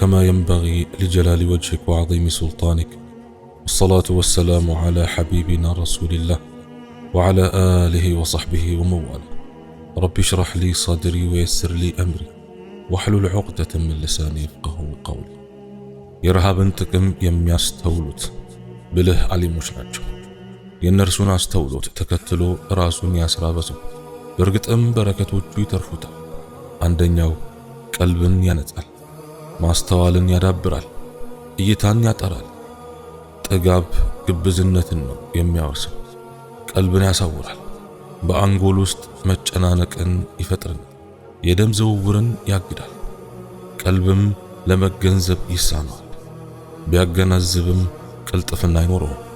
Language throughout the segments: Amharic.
كما ينبغي لجلال وجهك وعظيم سلطانك والصلاة والسلام على حبيبنا رسول الله وعلى آله وصحبه ومواله رب اشرح لي صدري ويسر لي أمري واحلل عقدة من لساني يفقه قولي የረሃብን የሚያስተውሉት ብልህ አሊሞች ናቸው። የእነርሱን አስተውሎት ተከትሎ ራሱን ام بركة በእርግጥም በረከቶቹ عندن يو قلب ينتقل ማስተዋልን ያዳብራል፣ እይታን ያጠራል። ጥጋብ ግብዝነትን ነው የሚያወርሰው፣ ቀልብን ያሳውራል፣ በአንጎል ውስጥ መጨናነቅን ይፈጥርና የደም ዝውውርን ያግዳል። ቀልብም ለመገንዘብ ይሳነዋል፣ ቢያገናዝብም ቅልጥፍና አይኖረውም።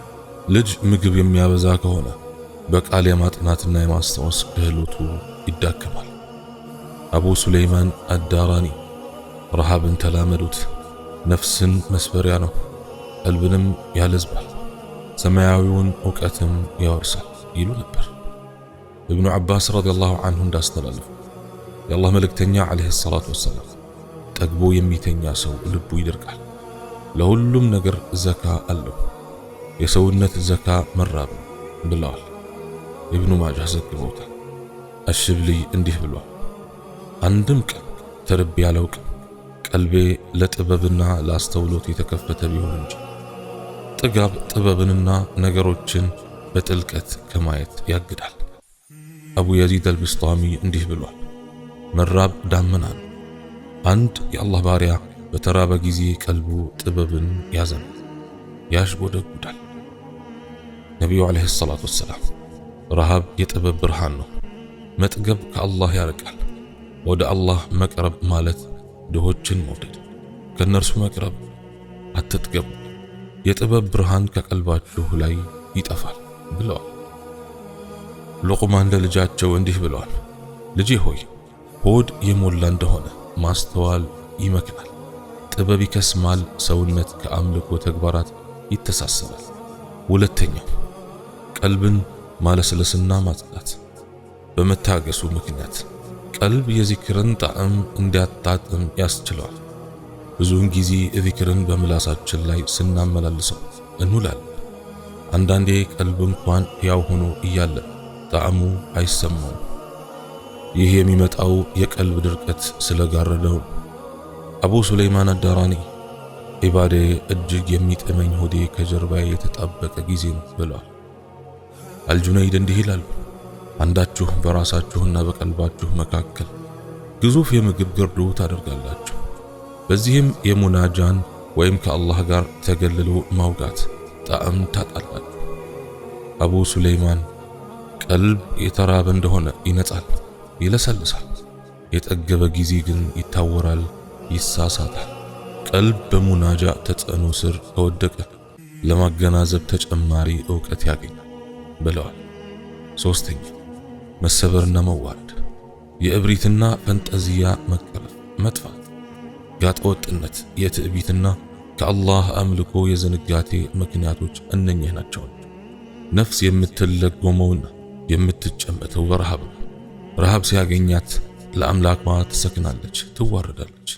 ልጅ ምግብ የሚያበዛ ከሆነ በቃል የማጥናትና የማስታወስ ክህሎቱ ይዳከማል። አቡ ሱሌይማን አዳራኒ ረሃብን ተላመዱት፣ ነፍስን መስበሪያ ነው፣ ቀልብንም ያለዝባል፣ ሰማያዊውን እውቀትም ያወርሳል ይሉ ነበር። እብኑ ዓባስ ረዲየላሁ ዐንሁ እንዳስተላለፉ የአላህ መልእክተኛ ዓለይሂ ሰላቱ ወሰላም ጠግቦ የሚተኛ ሰው ልቡ ይደርቃል፣ ለሁሉም ነገር ዘካ አለው፣ የሰውነት ዘካ መራብ ብለዋል። ኢብኑ ማጃህ ዘግበውታል። አሽብልይ እንዲህ ብሏል፣ አንድም ቀን ተርቤ አላውቅም። ቀልቤ ለጥበብና ለአስተውሎት የተከፈተ ቢሆን እንጂ ጥጋብ ጥበብንና ነገሮችን በጥልቀት ከማየት ያግዳል። አቡ የዚድ አልቢስጣሚ እንዲህ ብሏል፣ መራብ ዳመና ነው። አንድ የአላህ ባሪያ በተራበ ጊዜ ቀልቡ ጥበብን ያዘናል፣ ያሽጎደጉዳል። ነቢዩ ዓለይሂ ሰላቱ ወሰላም ረሃብ የጥበብ ብርሃን ነው። መጥገብ ከአላህ ያርቃል። ወደ አላህ መቅረብ ማለት ድሆችን መውደድ፣ ከእነርሱ መቅረብ። አትጥገቡ፣ የጥበብ ብርሃን ከቀልባችሁ ላይ ይጠፋል ብለዋል። ሉቅማን ለልጃቸው እንዲህ ብለዋል፣ ልጄ ሆይ ሆድ የሞላ እንደሆነ ማስተዋል ይመክናል፣ ጥበብ ይከስማል፣ ሰውነት ከአምልኮ ተግባራት ይተሳሰራል። ሁለተኛው ቀልብን ማለስለስና ማጽዳት በመታገሱ ምክንያት ቀልብ የዚክርን ጣዕም እንዲያጣጥም ያስችለዋል። ብዙውን ጊዜ ዚክርን በምላሳችን ላይ ስናመላልሰው እንውላል። አንዳንዴ ቀልብ እንኳን ያው ሆኖ እያለ ጣዕሙ አይሰማውም። ይህ የሚመጣው የቀልብ ድርቀት ስለጋረደው። አቡ ሱለይማን አዳራኒ ኢባዴ እጅግ የሚጠመኝ ሆዴ ከጀርባዬ የተጣበቀ ጊዜ ነው ብለዋል። አልጁነይድ እንዲህ ይላሉ። አንዳችሁ በራሳችሁና በቀልባችሁ መካከል ግዙፍ የምግብ ግርዱ ታደርጋላችሁ። በዚህም የሙናጃን ወይም ከአላህ ጋር ተገልሎ ማውጋት ጣዕም ታጣላችሁ። አቡ ሱለይማን ቀልብ የተራበ እንደሆነ ይነጻል፣ ይለሰልሳል። የጠገበ ጊዜ ግን ይታወራል፣ ይሳሳታል። ቀልብ በሙናጃ ተጽዕኖ ስር ከወደቀ ለማገናዘብ ተጨማሪ ዕውቀት ያገኛል ብለዋል። ሶስተኛ መሰበርና መዋረድ የእብሪትና ፈንጠዚያ መቀረፍ፣ መጥፋት፣ ጋጠወጥነት፣ የትዕቢትና ከአላህ አምልኮ የዝንጋቴ ምክንያቶች እነኚህ ናቸው። ነፍስ የምትለጎመውና የምትጨመተው በረሃብ ነው። ረሃብ ሲያገኛት ለአምላኳ ትሰክናለች፣ ትዋረዳለች።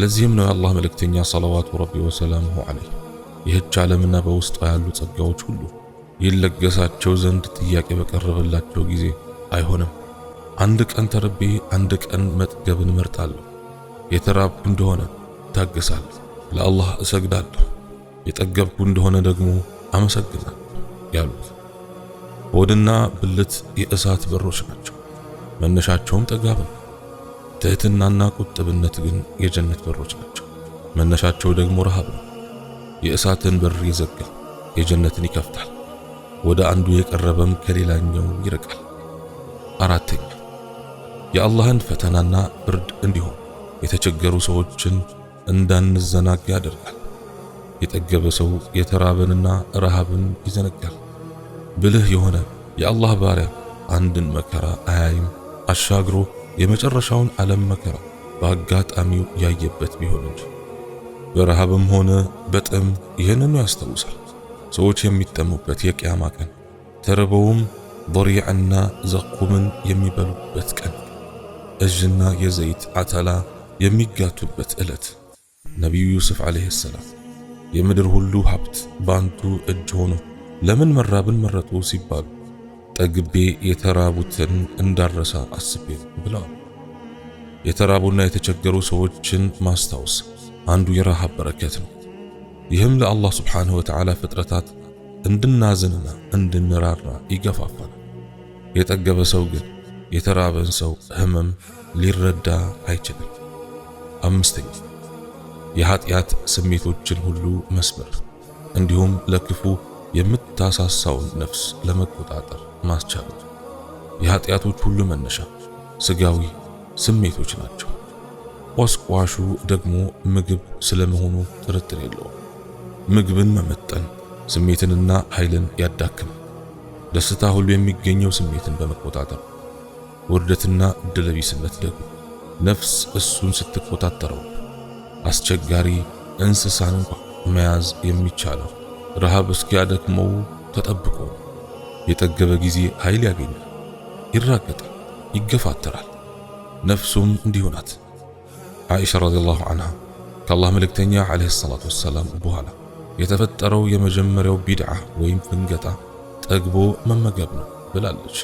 ለዚህም ነው የአላህ መልእክተኛ ሰለዋቱ ረቢ ወሰላሙሁ ዐለይህ ይህች ዓለምና በውስጧ ያሉ ጸጋዎች ሁሉ ይለገሳቸው ዘንድ ጥያቄ በቀረበላቸው ጊዜ አይሆንም፣ አንድ ቀን ተርቤ አንድ ቀን መጥገብን እመርጣለሁ፣ የተራብኩ እንደሆነ እታገሳለሁ፣ ለአላህ እሰግዳለሁ፣ የጠገብኩ እንደሆነ ደግሞ አመሰግናለሁ ያሉት ሆድና ብልት የእሳት በሮች ናቸው። መነሻቸውም ጠጋብ ነው። ትህትናና ቁጥብነት ግን የጀነት በሮች ናቸው። መነሻቸው ደግሞ ረሃብ ነው። የእሳትን በር ይዘጋል፣ የጀነትን ይከፍታል። ወደ አንዱ የቀረበም ከሌላኛው ይርቃል። አራተኛ የአላህን ፈተናና ብርድ እንዲሁም የተቸገሩ ሰዎችን እንዳንዘናጋ ያደርጋል። የጠገበ ሰው የተራበንና ረሃብን ይዘነጋል። ብልህ የሆነ የአላህ ባሪያ አንድን መከራ አያይም። አሻግሮ የመጨረሻውን ዓለም መከራ በአጋጣሚው ያየበት ቢሆን እንጂ በረሃብም ሆነ በጥም ይህንኑ ያስታውሳል። ሰዎች የሚጠሙበት የቅያማ ቀን ተርበውም ضሪዕና ዘኩምን የሚበሉበት ቀን እዥና የዘይት አተላ የሚጋቱበት ዕለት። ነቢዩ ዩስፍ ዓለይሂ ሰላም የምድር ሁሉ ሀብት በአንዱ እጅ ሆኖ ለምን መራብን መረጡ ሲባሉ ጠግቤ የተራቡትን እንዳረሳ አስቤ ብለዋል። የተራቡና የተቸገሩ ሰዎችን ማስታወስ አንዱ የረሃብ በረከት ነው። ይህም ለአላህ ስብሓንሁ ወተዓላ ፍጥረታት እንድናዝንና እንድንራራ ይገፋፋል። የጠገበ ሰው ግን የተራበን ሰው ህመም ሊረዳ አይችልም። አምስተኛ የኃጢአት ስሜቶችን ሁሉ መስበር እንዲሁም ለክፉ የምታሳሳውን ነፍስ ለመቆጣጠር ማስቻሉ። የኃጢአቶች ሁሉ መነሻ ስጋዊ ስሜቶች ናቸው። ቆስቋሹ ደግሞ ምግብ ስለመሆኑ ጥርጥር የለውም። ምግብን መመጠን ስሜትንና ኃይልን ያዳክማል። ደስታ ሁሉ የሚገኘው ስሜትን በመቆጣጠር፣ ውርደትና እድለቢስነት ደግሞ ነፍስ እሱን ስትቆጣጠረው አስቸጋሪ እንስሳን እንኳ መያዝ የሚቻለው ረሃብ እስኪያደክመው ተጠብቆ የጠገበ ጊዜ ኃይል ያገኛል፣ ይራገጣል፣ ይገፋተራል። ነፍሱም እንዲሁ ናት። ዓኢሻ ረዲየላሁ ዐንሃ ከአላህ መልእክተኛ ዓለይሂ ሰላቱ ወሰላም በኋላ የተፈጠረው የመጀመሪያው ቢድዓ ወይም ፍንገጣ ጠግቦ መመገብ ነው ብላለች።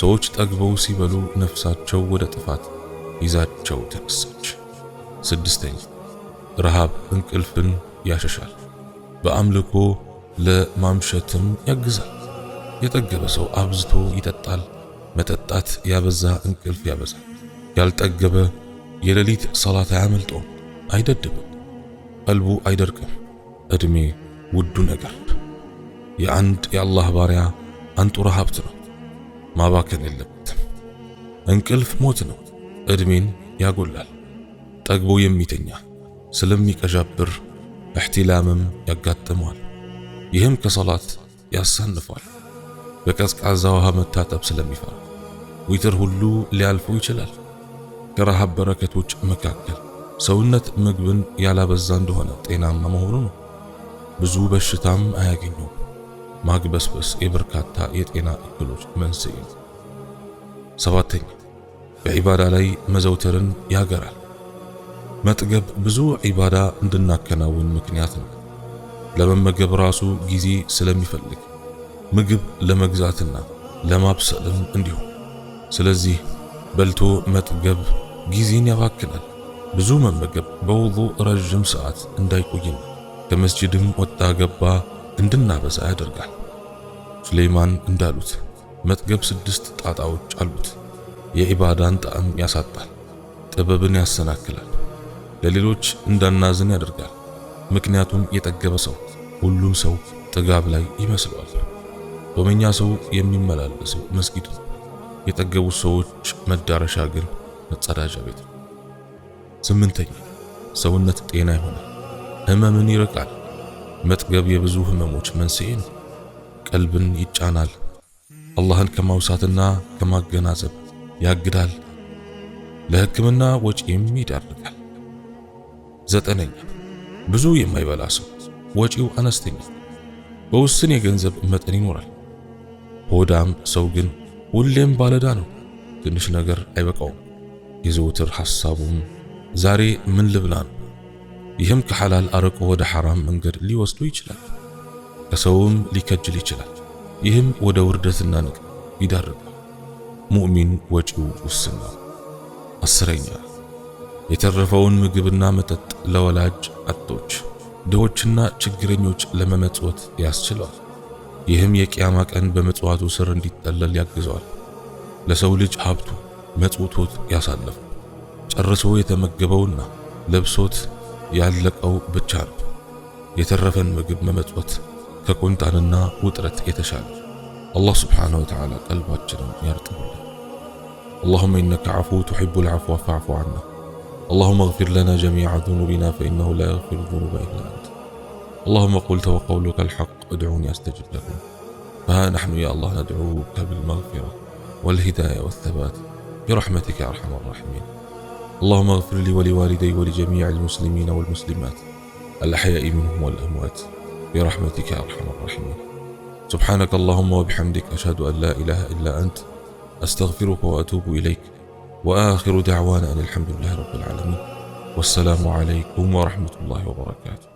ሰዎች ጠግበው ሲበሉ ነፍሳቸው ወደ ጥፋት ይዛቸው ተነሳች። ስድስተኛ ረሃብ እንቅልፍን ያሸሻል፣ በአምልኮ ለማምሸትም ያግዛል። የጠገበ ሰው አብዝቶ ይጠጣል። መጠጣት ያበዛ እንቅልፍ ያበዛል። ያልጠገበ የሌሊት ሰላት አያመልጦም፣ አይደድብም፣ ቀልቡ አይደርቅም። እድሜ ውዱ ነገር የአንድ የአላህ ባሪያ አንጡራ ሀብት ነው። ማባከን የለበትም። እንቅልፍ ሞት ነው። እድሜን ያጎላል። ጠግቦ የሚተኛ ስለሚቀዣብር እሕቲላምም ያጋጥመዋል። ይህም ከሰላት ያሳንፏል። በቀዝቃዛ ውሃ መታጠብ ስለሚፈራ ዊትር ሁሉ ሊያልፉ ይችላል። ከረሃብ በረከቶች መካከል ሰውነት ምግብን ያላበዛ እንደሆነ ጤናማ መሆኑ ነው። ብዙ በሽታም አያገኘውም። ማግበስበስ የበርካታ የጤና እክሎች መንስኤ ነው። ሰባተኛ በዒባዳ ላይ መዘውተርን ያገራል። መጥገብ ብዙ ዒባዳ እንድናከናውን ምክንያት ነው። ለመመገብ ራሱ ጊዜ ስለሚፈልግ ምግብ ለመግዛትና ለማብሰልም እንዲሁም ስለዚህ በልቶ መጥገብ ጊዜን ያባክናል። ብዙ መመገብ በውዱእ ረዥም ሰዓት እንዳይቆይና ከመስጂድም ወጣ ገባ እንድናበዛ ያደርጋል። ሱሌይማን እንዳሉት መጥገብ ስድስት ጣጣዎች አሉት። የኢባዳን ጣዕም ያሳጣል፣ ጥበብን ያሰናክላል፣ ለሌሎች እንዳናዝን ያደርጋል። ምክንያቱም የጠገበ ሰው ሁሉም ሰው ጥጋብ ላይ ይመስለዋል። ጦመኛ ሰው የሚመላለሰው መስጊድ ነው። የጠገቡት ሰዎች መዳረሻ ግን መጸዳጃ ቤት ነው። ስምንተኛ ሰውነት ጤና ይሆናል። ህመምን ይርቃል። መጥገብ የብዙ ህመሞች መንስኤ ነው። ቀልብን ይጫናል፣ አላህን ከማውሳትና ከማገናዘብ ያግዳል፣ ለህክምና ወጪም ይዳርጋል። ዘጠነኛ ብዙ የማይበላ ሰው ወጪው አነስተኛ፣ በውስን የገንዘብ መጠን ይኖራል። ሆዳም ሰው ግን ሁሌም ባለዳ ነው፣ ትንሽ ነገር አይበቃውም። የዘውትር ሐሳቡም ዛሬ ምን ልብላ ነው። ይህም ከሐላል አርቆ ወደ ሐራም መንገድ ሊወስዱ ይችላል። ከሰውም ሊከጅል ይችላል። ይህም ወደ ውርደትና ንቅ ይዳርጋል። ሙእሚን ወጪው ውስን ነው። አስረኛ የተረፈውን ምግብና መጠጥ ለወላጅ አጦች ድሆችና ችግረኞች ለመመጽወት ያስችለዋል። ይህም የቅያማ ቀን በመጽዋቱ ስር እንዲጠለል ያግዘዋል። ለሰው ልጅ ሀብቱ መጽውቶት ያሳለፈው ጨርሶ የተመገበውና ለብሶት ያለቀው ብቻ ነው። የተረፈን ምግብ መመጽወት ከቁንጣንና ውጥረት የተሻለ አላህ ስብሓነሁ ወተዓላ ቀልባችንን ያርጥብልን። اللهم إنك عفو تحب العفو فاعف عنا اللهم اغفر لنا جميع ذنوبنا فإنه لا يغفر الذنوب إلا أنت اللهم قلت وقولك الحق ادعوني أستجب لكم فها نحن يا الله ندعوك بالمغفرة والهداية والثبات برحمتك يا أرحم الراحمين اللهم اغفر لي ولوالدي ولجميع المسلمين والمسلمات الأحياء منهم والأموات برحمتك يا أرحم الراحمين سبحانك اللهم وبحمدك أشهد أن لا إله إلا أنت أستغفرك وأتوب إليك وآخر دعوانا أن الحمد لله رب العالمين والسلام عليكم ورحمة الله وبركاته